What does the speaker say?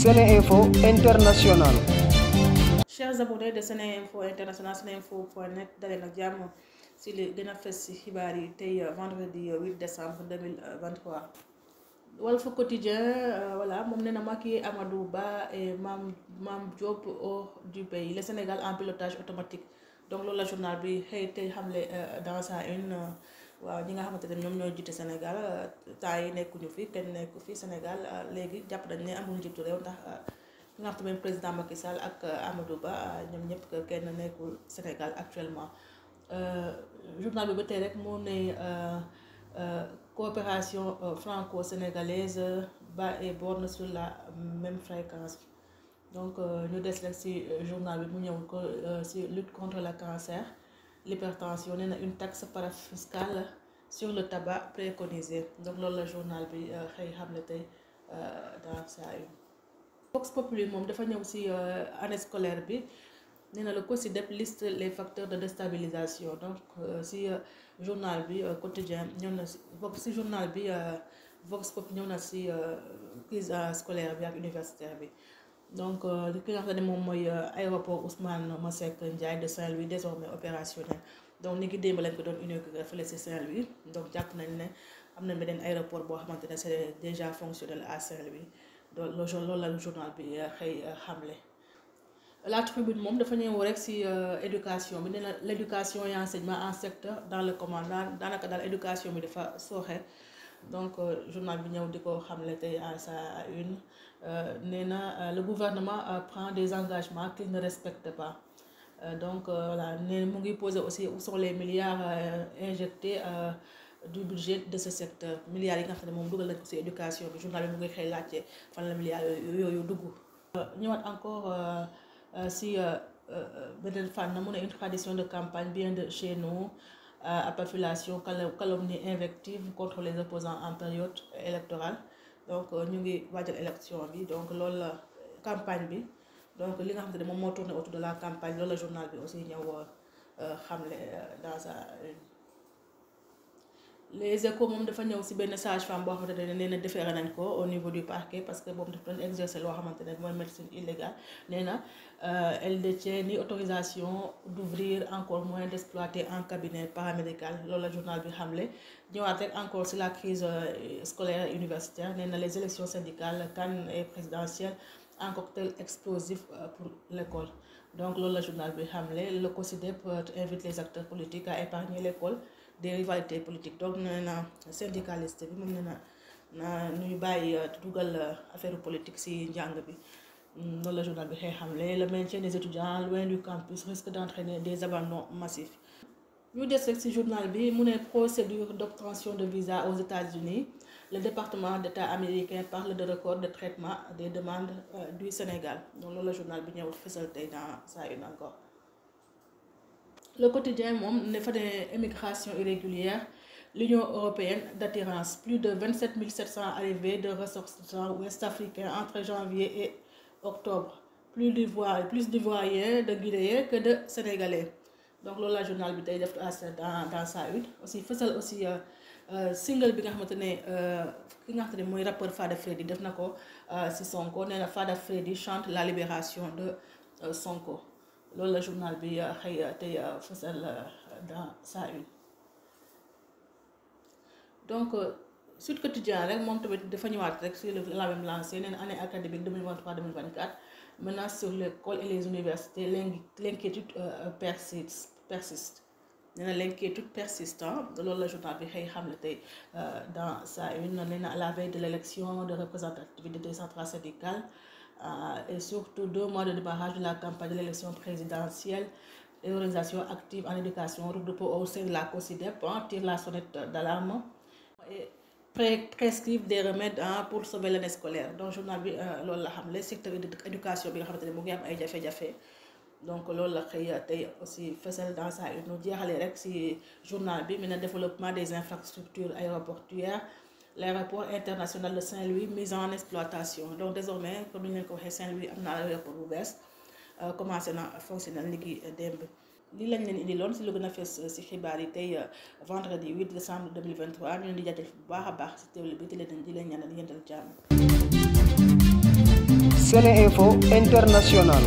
Sénéinfo International. chers abonnés de Sénéinfo International Sénéinfo.net daleen ak jàmm si li gën a fës si xibaar yi tey euh, vendredi 8 euh, décembre 2023. Walf Quotidien euh, voilà moom nee na Macky Amadou Ba et Mame Mame Diop du pays le Sénégal en pilotage automatique donc loolu journal bi xëy tey xamle dans une. waaw ñi nga xamante ne ñoom ñooy jiite Sénégal euh, temps yi nekkuñu fi kenn nekku fi Sénégal euh, léegi jàpp nañ ne amul njiitu réew ndax euh, ki nga xamante ne président Macky Sall ak Amadou Ba ñoom ñëpp kenn nekkul Sénégal actuellement journal bi ba tey rek moo ne coopération franco-sénégalaise bat et borne sur la même fréquence donc ñu des rek ci journal bi mu ñëw ko ci lutte contre le cancer l'hypertension nee na une taxe parafiscale sur le tabac préconisé donc loolu la journal bi euh, xëy xam ne tey euh, dans saa yu Vox Populi moom dafa ñëw ci euh, année scolaire bi nee na la ko ci def liste les facteurs de déstabilisation donc ci journal bi quotidien ñëw na ci ci journal bi Vox Pop ñëw na ci crise scolaire bi ak universitaire bi donc ki nga xam ne moom mooy aéroport Ousmane Masseck Ndiaye de Saint-Louis désormais opérationnel donc ni ngi démb lañ ko doon inaugurer fële ci Saint-Louis donc jàpp nañ ne am na beneen aéroport boo xamante ne c'est déjà fonctionnel à Saint-Louis donc loolu la journal bi euh, xëy euh, xamle. la tribune moom dafa ñëw rek ci euh, éducation bi nee na l'éducation et enseignement en secteur dans le commandant daanaka daal éducation bi dafa sooxe donc journal bi ñëw di ko xamle tey à sa une nee na le gouvernement prend des engagements qu'il ne respecte pas. Euh, donc euh, voilà nee mu ngi poser aussi sur les milliards euh, injectés du budget de ce secteur milliards yi nga xam ne moom dugal nañ ko éducation bi journal bi mu ngi xëy laajte fan la milliards yooyu dugg. ñëwaat encore si beneen fànn mu ne une tradition de campagne bien de chez nous. à population calomnie invective contre les opposants en période électorale donc ñu ngi waajal élection bi donc loolu la campagne bi donc li nga xamante ne moom moo tourné autour de la campagne loolu la journal bi aussi ñëw euh, xamle euh, euh, les échos moom dafa ñëw si benn sage femme boo xamante ne nee na déféré nañ ko au niveau du parquet parce que boobu dafa doon exercer loo xamante ne mooy médecine illégale nee na elle détient ni autorisation encore moins d'exploiter un cabinet paramédical loolu la journal bi xamle ñëwaat rek encore la crise scolaire universitaire nee na les élections syndicales CAN et un cocktail explosif euh, pour l'école donc loolu la journal bi xamle le COSYDEP euh, invite les acteurs politiques à épargner l'école des rivalités politiques donc nee na syndicaliste bi moom nee na na ñuy bàyyi euh, dugal affaire politique ci njàng bi hmm, loolu la journal bi xëy xam le maintien des étudiants loin du campus risque d'entraîner des abandons massifs ñu des rek bi mu ne procédure d'obtention de visa aux États-Unis le département d'État américain parle de record de traitement des demandes euh, du Sénégal donc loolu la journal bi ñëw fësal tey dans saa une encore le quotidien moom ne fa ne immigration irrégulière l'Union européenne d'attirance plus de 27 700 arrivées de ressortissants ouest-africains entre janvier et octobre plus d'Ivoiriens plus d'Ivoiriens de Guinéens que de Sénégalais donc loolu la journal bi tey def dans dans sa une aussi fësal aussi euh, euh, single bi nga xamante ne euh, ki nga xamante ne mooy rappeur Fada Freddy def na ko si Sonko nee na Fada Freddy chante la libération de Sonko loolu la journal bi xëy tey fësal dans sa une donc Sud Quotidien rek moom tamit dafa ñëwaat rek sur la même lancée nee na année académique 2023 2024 menace sur l'école et les universités l'inquiétude euh, euh, persiste persiste nee na l'inquiétude persistant loolu la journal bi xëy xam ne tey euh, dans sa une ne na à la veille de l'élection de représentativité des centrales syndicales et surtout deux mois de démarrage de la campagne de l'élection présidentielle les organisations actives en éducation regroupées au sein de la COSYDEP tirent la sonnette d'alarme prescrivent des remèdes pour sauver l'année scolaire donc journal bi euh, loolu la xam le secteur éducation bi nga xamante ne mu ngi am ay jafe-jafe donc loolu la xëy tey aussi fësal dans sa jeexalee rek ci journal bi mu ne développement des infrastructures aéroportuaires l'aéroport international de Saint-Louis mise en exploitation donc désormais comme ni ñu leen ko waxee Saint-Louis am na aéroport bu bees euh, commencé na fonctionner liggéey démb lii lañ leen indiloon si lu gën a fees euh, si xibaar yi tey euh, vendredi 8 décembre 2023 ñu leen di jaajëf bu baax a baax si teewlu bi te leen di leen ñaanal yéen dal jàmm. Sene Info International.